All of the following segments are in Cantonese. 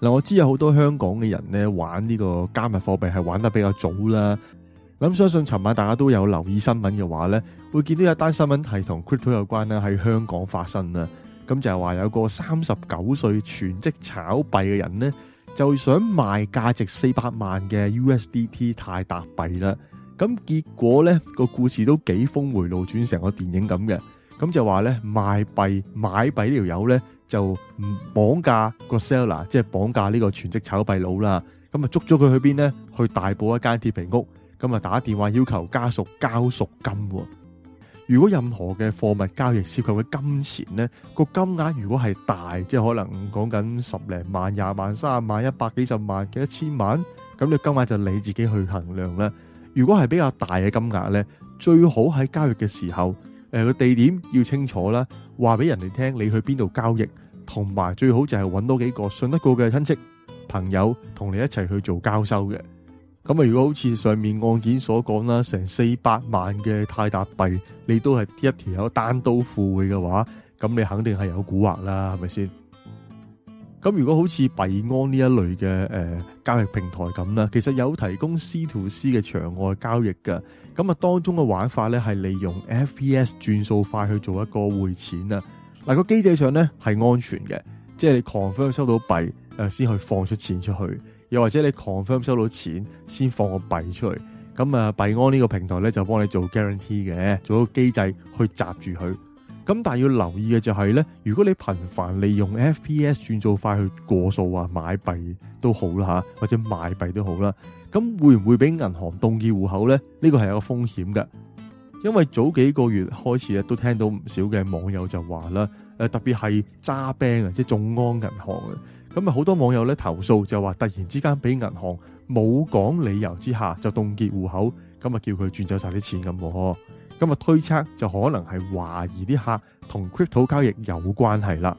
嗱，我知有好多香港嘅人咧玩呢個加密貨幣係玩得比較早啦。咁相信尋晚大家都有留意新聞嘅話咧，會見到一單新聞係同 crypto 有關啦，喺香港發生啦。咁就係話有個三十九歲全職炒幣嘅人咧，就想賣價值四百萬嘅 USDT 泰達幣啦。咁結果咧個故事都幾峰回路轉，成個電影咁嘅。咁就話咧賣幣買幣呢條友咧。就綁架個 seller，即係綁架呢個全職炒幣佬啦。咁啊捉咗佢去邊呢？去大埔一間鐵皮屋。咁啊打電話要求家屬交贖金。如果任何嘅貨物交易涉及嘅金錢呢，個金額如果係大，即係可能講緊十零萬、廿萬、三十萬、一百幾十萬幾一千萬，咁你金額就你自己去衡量啦。如果係比較大嘅金額呢，最好喺交易嘅時候。誒，個地點要清楚啦，話俾人哋聽你去邊度交易，同埋最好就係搵多幾個信得過嘅親戚朋友同你一齊去做交收嘅。咁啊，如果好似上面案件所講啦，成四百萬嘅泰達幣，你都係一條友單刀赴會嘅話，咁你肯定係有蠱惑啦，係咪先？咁如果好似幣安呢一類嘅、呃、交易平台咁啦，其實有提供 C to C 嘅場外交易嘅，咁啊當中嘅玩法咧係利用 FPS 轉數快去做一個匯錢啊，嗱、那個機制上咧係安全嘅，即係你 confirm 收到幣誒、呃、先去放出錢出去，又或者你 confirm 收到錢先放個幣出去，咁啊幣安呢個平台咧就幫你做 guarantee 嘅，做一個機制去閘住佢。咁但係要留意嘅就係咧，如果你頻繁利用 FPS 轉數快去過數啊，買幣都好啦吓，或者賣幣都好啦，咁會唔會俾銀行凍結戶口呢？呢個係有個風險嘅，因為早幾個月開始都聽到唔少嘅網友就話啦，誒特別係 ZA Bank 啊，即係眾安銀行啊，咁啊好多網友咧投訴就話突然之間俾銀行冇講理由之下就凍結戶口，咁啊叫佢轉走晒啲錢咁。咁啊，推測就可能係懷疑啲客同 crypto 交易有關係啦。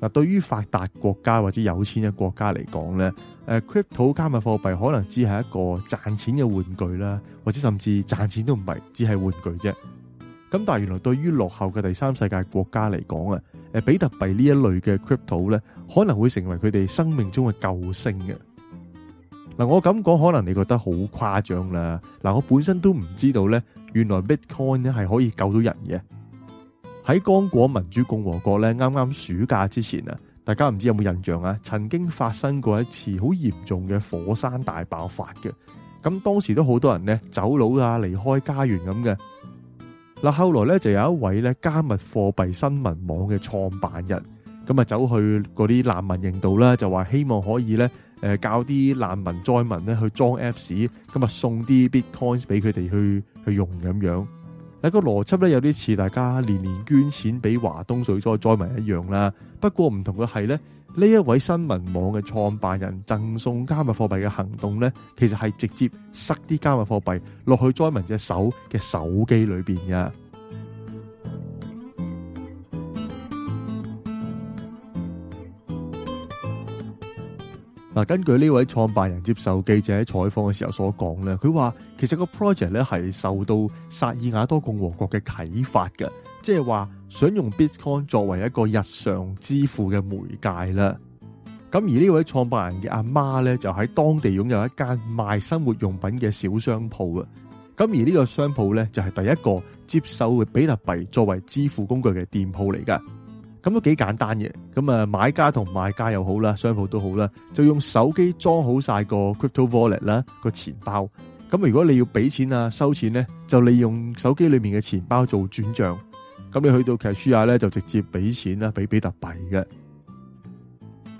嗱，對於發達國家或者有錢嘅國家嚟講咧，誒 crypto 加密貨幣可能只係一個賺錢嘅玩具啦，或者甚至賺錢都唔係，只係玩具啫。咁但係原來對於落後嘅第三世界國家嚟講啊，誒比特幣呢一類嘅 crypto 咧，可能會成為佢哋生命中嘅救星嘅。嗱，我咁講可能你覺得好誇張啦。嗱，我本身都唔知道呢，原來 Bitcoin 咧，係可以救到人嘅。喺剛果民主共和國呢，啱啱暑假之前啊，大家唔知有冇印象啊？曾經發生過一次好嚴重嘅火山大爆發嘅。咁當時都好多人呢走佬啊，離開家園咁嘅。嗱，後來呢就有一位呢加密貨幣新聞網嘅創辦人，咁啊走去嗰啲難民營度啦，就話希望可以呢。誒教啲難民災民咧去裝 Apps，今日送啲 Bitcoin 俾佢哋去去用咁樣。嗱、嗰個邏輯咧有啲似大家年年捐錢俾華東水災災民一樣啦，不過唔同嘅係咧，呢一位新聞網嘅創辦人贈送加密貨幣嘅行動咧，其實係直接塞啲加密貨幣落去災民隻手嘅手機裏面嘅。嗱，根據呢位創辦人接受記者在採訪嘅時候所講咧，佢話其實這個 project 咧係受到薩爾瓦多共和國嘅啟發嘅，即係話想用 Bitcoin 作為一個日常支付嘅媒介啦。咁而呢位創辦人嘅阿媽咧，就喺當地擁有一間賣生活用品嘅小商鋪啊。咁而呢個商鋪咧，就係第一個接受嘅比特幣作為支付工具嘅店鋪嚟噶。咁都幾簡單嘅，咁啊買家同賣家又好啦，商鋪都好啦，就用手機裝好晒個 Crypto Wallet 啦，個錢包。咁如果你要俾錢啊收錢呢，就利用手機裏面嘅錢包做轉賬。咁你去到 cashier 呢，就直接俾錢啦，俾比特幣嘅。誒、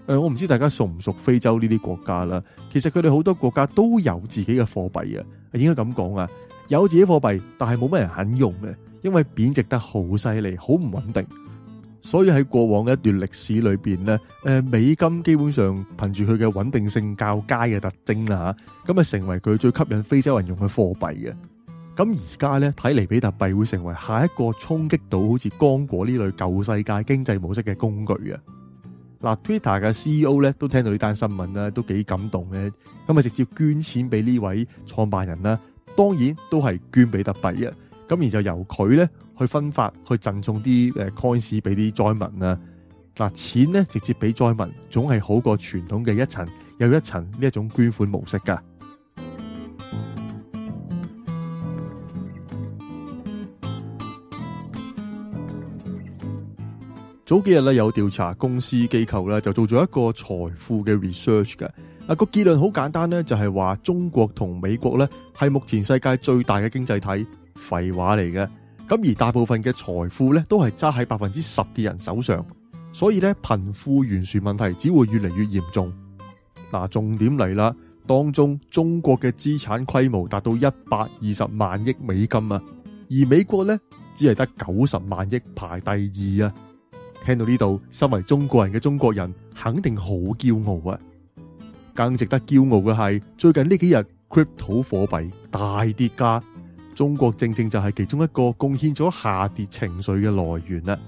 呃，我唔知大家熟唔熟非洲呢啲國家啦。其實佢哋好多國家都有自己嘅貨幣啊，應該咁講啊，有自己貨幣，但係冇乜人肯用嘅，因為貶值得好犀利，好唔穩定。所以喺過往嘅一段歷史裏邊咧，誒，美金基本上憑住佢嘅穩定性較佳嘅特徵啦吓，咁啊成為佢最吸引非洲人用嘅貨幣嘅。咁而家咧睇嚟比特幣會成為下一個衝擊到好似剛果呢類舊世界經濟模式嘅工具嘅。嗱，Twitter 嘅 CEO 咧都聽到呢單新聞，都幾感動嘅，咁啊直接捐錢俾呢位創辦人啦，當然都係捐比特幣。咁而就由佢咧去分發，去贈送啲誒 coins 俾啲災民啦、啊、嗱，錢咧直接俾災民，總係好過傳統嘅一層又一層呢一種捐款模式噶。早、嗯、幾日咧有調查公司機構咧就做咗一個財富嘅 research 嘅嗱、那個結論好簡單咧，就係、是、話中國同美國咧係目前世界最大嘅經濟體。廢話嚟嘅。咁而大部分嘅財富呢，都係揸喺百分之十嘅人手上，所以呢，貧富懸殊問題只會越嚟越嚴重。嗱，重點嚟啦，當中中國嘅資產規模達到一百二十萬億美金啊，而美國呢，只係得九十萬億排第二啊。聽到呢度，身為中國人嘅中國人肯定好驕傲啊！更值得驕傲嘅係最近呢幾日，crypto 貨幣大跌價。中國正正就係其中一個貢獻咗下跌情緒嘅來源啦。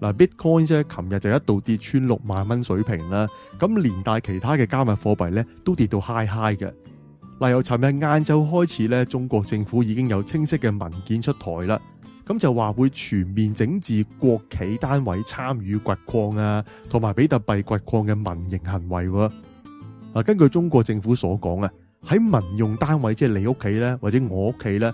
嗱，Bitcoin 啫，琴日就一度跌穿六萬蚊水平啦。咁連帶其他嘅加密貨幣咧都跌到嗨嗨嘅。嗱，由尋日晏晝開始咧，中國政府已經有清晰嘅文件出台啦。咁就話會全面整治國企單位參與掘礦啊，同埋比特幣掘礦嘅民營行為。嗱，根據中國政府所講啊。喺民用單位，即係你屋企咧，或者我屋企咧，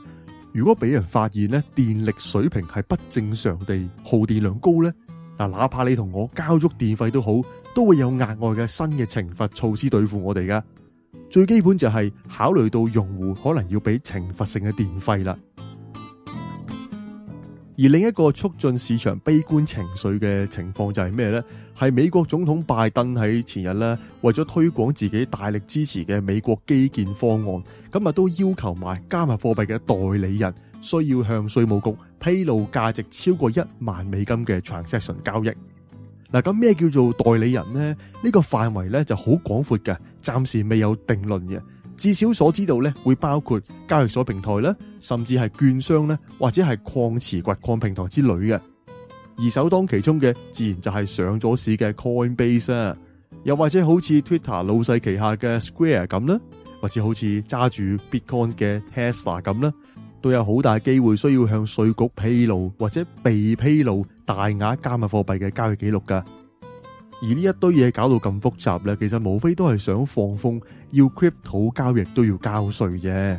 如果俾人發現咧，電力水平係不正常地耗電量高咧，嗱，哪怕你同我交足電費都好，都會有額外嘅新嘅懲罰措施對付我哋噶。最基本就係考慮到用戶可能要俾懲罰性嘅電費啦。而另一個促進市場悲觀情緒嘅情況就係咩呢？係美國總統拜登喺前日咧，為咗推廣自己大力支持嘅美國基建方案，咁啊都要求埋加密貨幣嘅代理人需要向稅務局披露價值超過一萬美金嘅 transaction 交易。嗱，咁咩叫做代理人呢？呢、呢個範圍咧就好廣闊嘅，暫時未有定論嘅。至少所知道咧，會包括交易所平台啦，甚至係券商咧，或者係礦池掘礦平台之類嘅。而首當其衝嘅，自然就係上咗市嘅 Coinbase，又或者好似 Twitter 老細旗下嘅 Square 咁啦，或者好似揸住 Bitcoin 嘅 Tesla 咁啦，都有好大機會需要向稅局披露或者被披露大額加密貨幣嘅交易記錄㗎。而呢一堆嘢搞到咁複雜呢，其實無非都係想放風，要 crypto 交易都要交稅啫。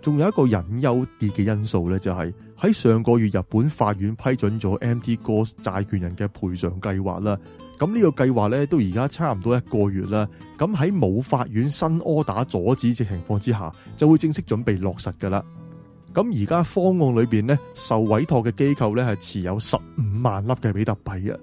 仲有一個隱憂啲嘅因素呢、就是，就係喺上個月日本法院批准咗 Mt. Gox 債權人嘅賠償計劃啦。咁呢個計劃呢，都而家差唔多一個月啦。咁喺冇法院新柯打阻止嘅情況之下，就會正式準備落實噶啦。咁而家方案裏邊呢，受委託嘅機構呢係，持有十五萬粒嘅比特幣啊。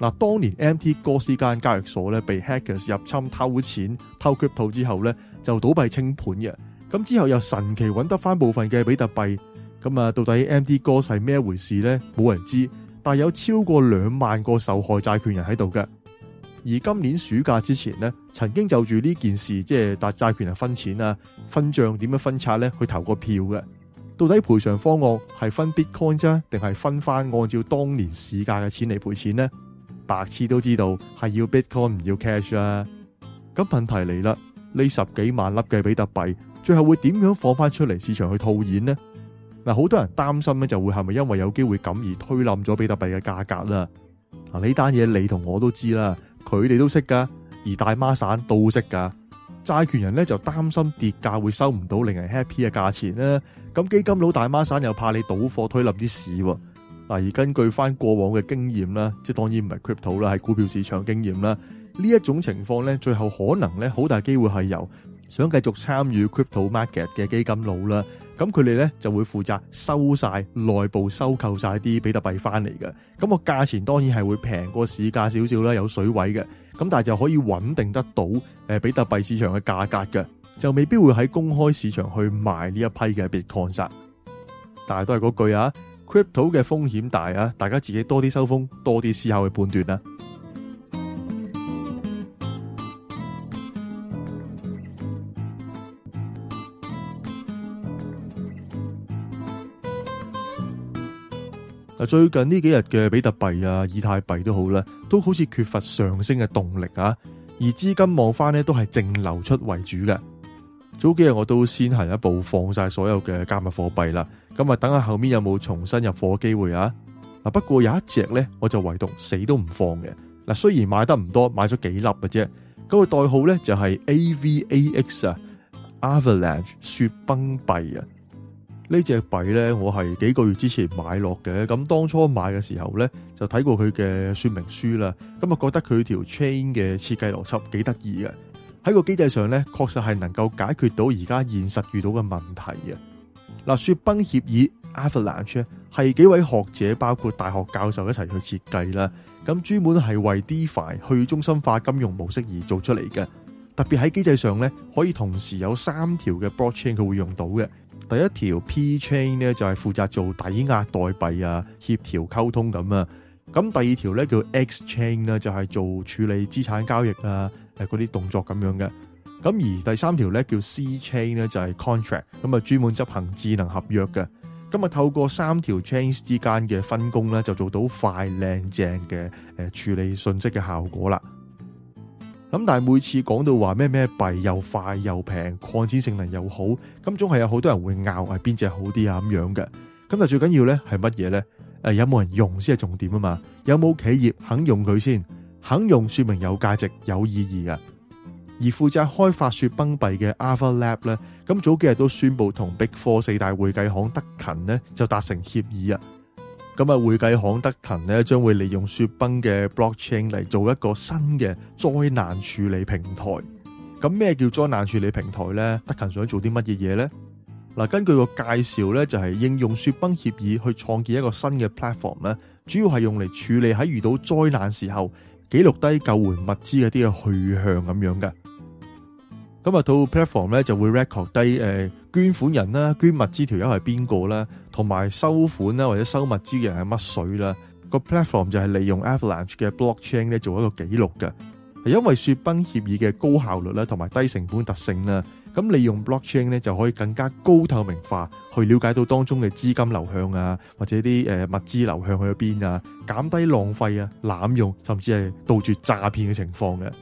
嗱，當年 MT 哥斯間交易所呢被 Hackers 入侵，偷錢，偷錢，偷 crypto 之後呢，就倒閉清盤嘅。咁之後又神奇揾得返部分嘅比特幣。咁啊，到底 MT 哥斯係咩回事呢？冇人知，但有超過兩萬個受害債權人喺度嘅。而今年暑假之前呢，曾經就住呢件事即係達債權人分錢啊、分帳點樣分拆呢，去投個票嘅。到底賠償方案係分 Bitcoin 啫，定係分翻按照當年市價嘅錢嚟賠錢呢？白痴都知道係要 Bitcoin 唔要 cash 啊。咁問題嚟啦，呢十幾萬粒嘅比特幣最後會點樣放翻出嚟市場去套現呢？嗱，好多人擔心咧，就會係咪因為有機會咁而推冧咗比特幣嘅價格啦？嗱，呢單嘢你同我都知啦，佢哋都識㗎，而大媽散都識㗎。債權人咧就擔心跌價會收唔到令人 happy 嘅價錢咧。咁基金佬大孖散又怕你賭貨推冧啲市喎。嗱，而根據翻過往嘅經驗啦，即係當然唔係 crypto 啦，係股票市場經驗啦，呢一種情況咧，最後可能咧好大機會係由想繼續參與 crypto market 嘅基金佬啦，咁佢哋咧就會負責收晒內部收購晒啲比特幣翻嚟嘅，咁個價錢當然係會平過市價少少啦，有水位嘅，咁但係就可以穩定得到誒比特幣市場嘅價格嘅。就未必會喺公開市場去賣呢一批嘅 Bitcoin 殺，但係都係嗰句啊，Crypto 嘅風險大啊，大家自己多啲收風，多啲思考去判斷啦。嗱，最近呢幾日嘅比特幣啊、以太幣都好啦，都好似缺乏上升嘅動力啊，而資金望翻呢都係淨流出為主嘅。早幾日我都先行一步放晒所有嘅加密貨幣啦，咁啊等下後面有冇重新入貨機會啊？嗱，不過有一隻呢，我就唯獨死都唔放嘅嗱，雖然買得唔多，買咗幾粒嘅啫，嗰個代號呢，就係 AVAX 啊，Avalanche 雪崩幣啊，呢隻幣呢，我係幾個月之前買落嘅，咁當初買嘅時候呢，就睇過佢嘅說明書啦，咁啊覺得佢條 chain 嘅設計邏輯幾得意嘅。喺個機制上咧，確實係能夠解決到而家現實遇到嘅問題啊！嗱，雪崩協議 （Avalanche） 係幾位學者，包括大學教授一齊去設計啦。咁專門係為 DeFi 去中心化金融模式而做出嚟嘅。特別喺機制上咧，可以同時有三條嘅 blockchain 佢會用到嘅。第一條 P chain 咧就係負責做抵押代幣啊、協調溝通咁啊。咁第二條咧叫 X chain 啦，就係做處理資產交易啊。嗰啲動作咁樣嘅，咁而第三條咧叫 C Chain 咧就係 contract，咁啊專門執行智能合約嘅，咁啊透過三條 chains 之間嘅分工咧就做到快靚正嘅誒處理信息嘅效果啦。咁但係每次講到話咩咩幣又快又平，擴展性能又好，咁總係有好多人會拗係邊隻好啲啊咁樣嘅。咁但最緊要咧係乜嘢咧？誒有冇人用先係重點啊嘛？有冇企業肯用佢先？肯用，說明有價值、有意義啊。而負責開發雪崩幣嘅 Ava Lab 咧，咁早幾日都宣布同 Big Four 四大會計行德勤呢就達成協議啊。咁啊，會計行德勤呢將會利用雪崩嘅 Blockchain 嚟做一個新嘅災難處理平台。咁咩叫災難處理平台呢？德勤想做啲乜嘢嘢呢？嗱，根據個介紹呢，就係、是、應用雪崩協議去創建一個新嘅 Platform，主要係用嚟處理喺遇到災難時候。記錄低救援物資嗰啲嘅去向咁樣嘅，咁啊套 platform 咧就會 record 低誒捐款人啦、捐物資條友係邊個啦，同埋收款啦或者收物資嘅人係乜水啦，個 platform 就係利用 Avalanche 嘅 blockchain 咧做一個記錄嘅，係因為雪崩協議嘅高效率啦同埋低成本特性啦。咁利用 blockchain 咧，就可以更加高透明化，去了解到當中嘅資金流向啊，或者啲誒物資流向去咗邊啊，減低浪費啊、濫用，甚至係杜絕詐騙嘅情況嘅。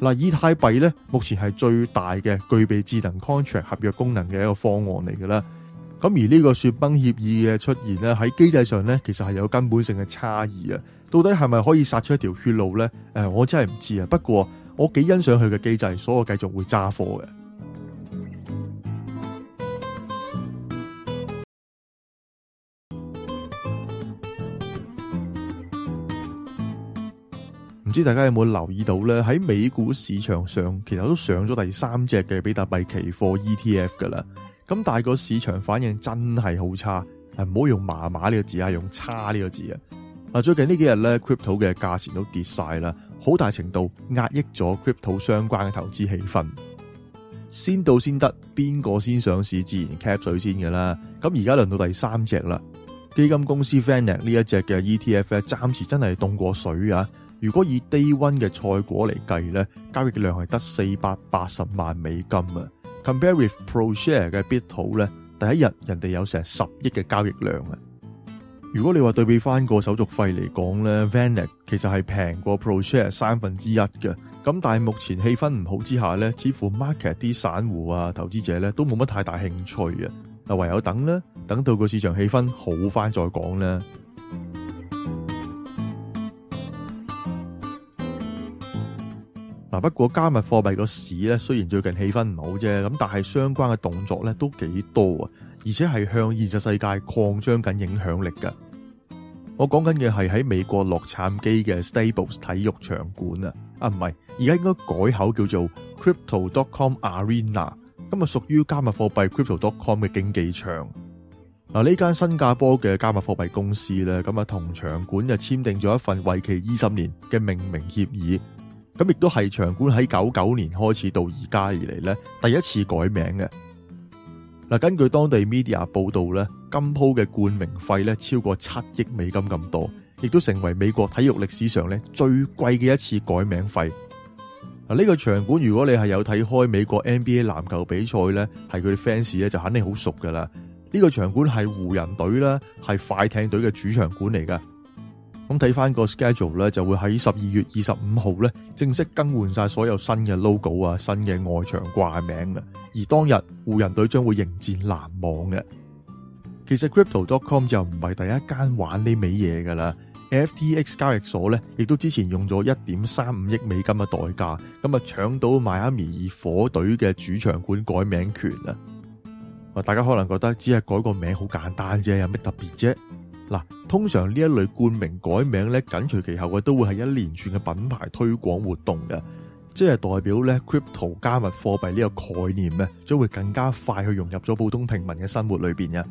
嗱，以太幣咧，目前係最大嘅具備智能 contract 合約功能嘅一個方案嚟嘅啦。咁而呢個雪崩協議嘅出現咧，喺機制上咧，其實係有根本性嘅差異啊。到底係咪可以殺出一條血路咧？誒、呃，我真係唔知啊。不過我幾欣賞佢嘅機制，所以我繼續會揸貨嘅。唔知大家有冇留意到呢？喺美股市場上，其實都上咗第三隻嘅比特幣期貨 ETF 噶啦。咁但係個市場反應真係好差，係唔好用麻麻呢個字啊，用差呢個字啊。嗱，最近呢幾日呢 crypto 嘅價錢都跌晒啦，好大程度壓抑咗 crypto 相關嘅投資氣氛。先到先得，邊個先上市自然 cap 水先噶啦。咁而家輪到第三隻啦，基金公司 VanEck 呢一隻嘅 ETF 咧，暫時真係凍過水啊。如果以 day one 嘅菜果嚟計咧，交易量係得四百八十萬美金啊。Compare with Proshare 嘅 bit 好咧，第一日人哋有成十億嘅交易量啊。如果你話對比翻個手續費嚟講咧，Vanet 其實係平過 Proshare 三分之一嘅。咁但係目前氣氛唔好之下咧，似乎 market 啲散戶啊、投資者咧都冇乜太大興趣啊。啊，唯有等啦，等到個市場氣氛好翻再講啦。不過加密貨幣個市咧，雖然最近氣氛唔好啫，咁但係相關嘅動作咧都幾多啊，而且係向現實世界擴張緊影響力噶。我講緊嘅係喺美國洛杉磯嘅 Stables 體育場館啊，啊唔係，而家應該改口叫做 Crypto.com Arena，咁啊屬於加密貨幣 Crypto.com 嘅競技場。嗱，呢間新加坡嘅加密貨幣公司咧，咁啊同場館就簽訂咗一份為期二十年嘅命名協議。咁亦都係場館喺九九年開始到而家以嚟咧，第一次改名嘅。嗱，根據當地 media 報道咧，今鋪嘅冠名費咧超過七億美金咁多，亦都成為美國體育歷史上咧最貴嘅一次改名費。呢個場館如果你係有睇開美國 NBA 籃球比賽咧，係佢哋 fans 咧就肯定好熟噶啦。呢個場館係湖人隊啦，係快艇隊嘅主場館嚟噶咁睇翻個 schedule 咧，就會喺十二月二十五號咧正式更換晒所有新嘅 logo 啊，新嘅外牆掛名啦。而當日湖人隊將會迎戰籃網嘅。其實 Crypto.com 就唔係第一間玩呢味嘢噶啦，FTX 交易所咧亦都之前用咗一點三五億美金嘅代價，咁啊搶到邁阿密火隊嘅主場館改名權啊，大家可能覺得只係改個名好簡單啫，有咩特別啫？嗱，通常呢一類冠名改名咧，緊隨其後嘅都會係一連串嘅品牌推廣活動嘅，即係代表咧，Crypto 加密貨幣呢個概念咧，將會更加快去融入咗普通平民嘅生活裏面嘅。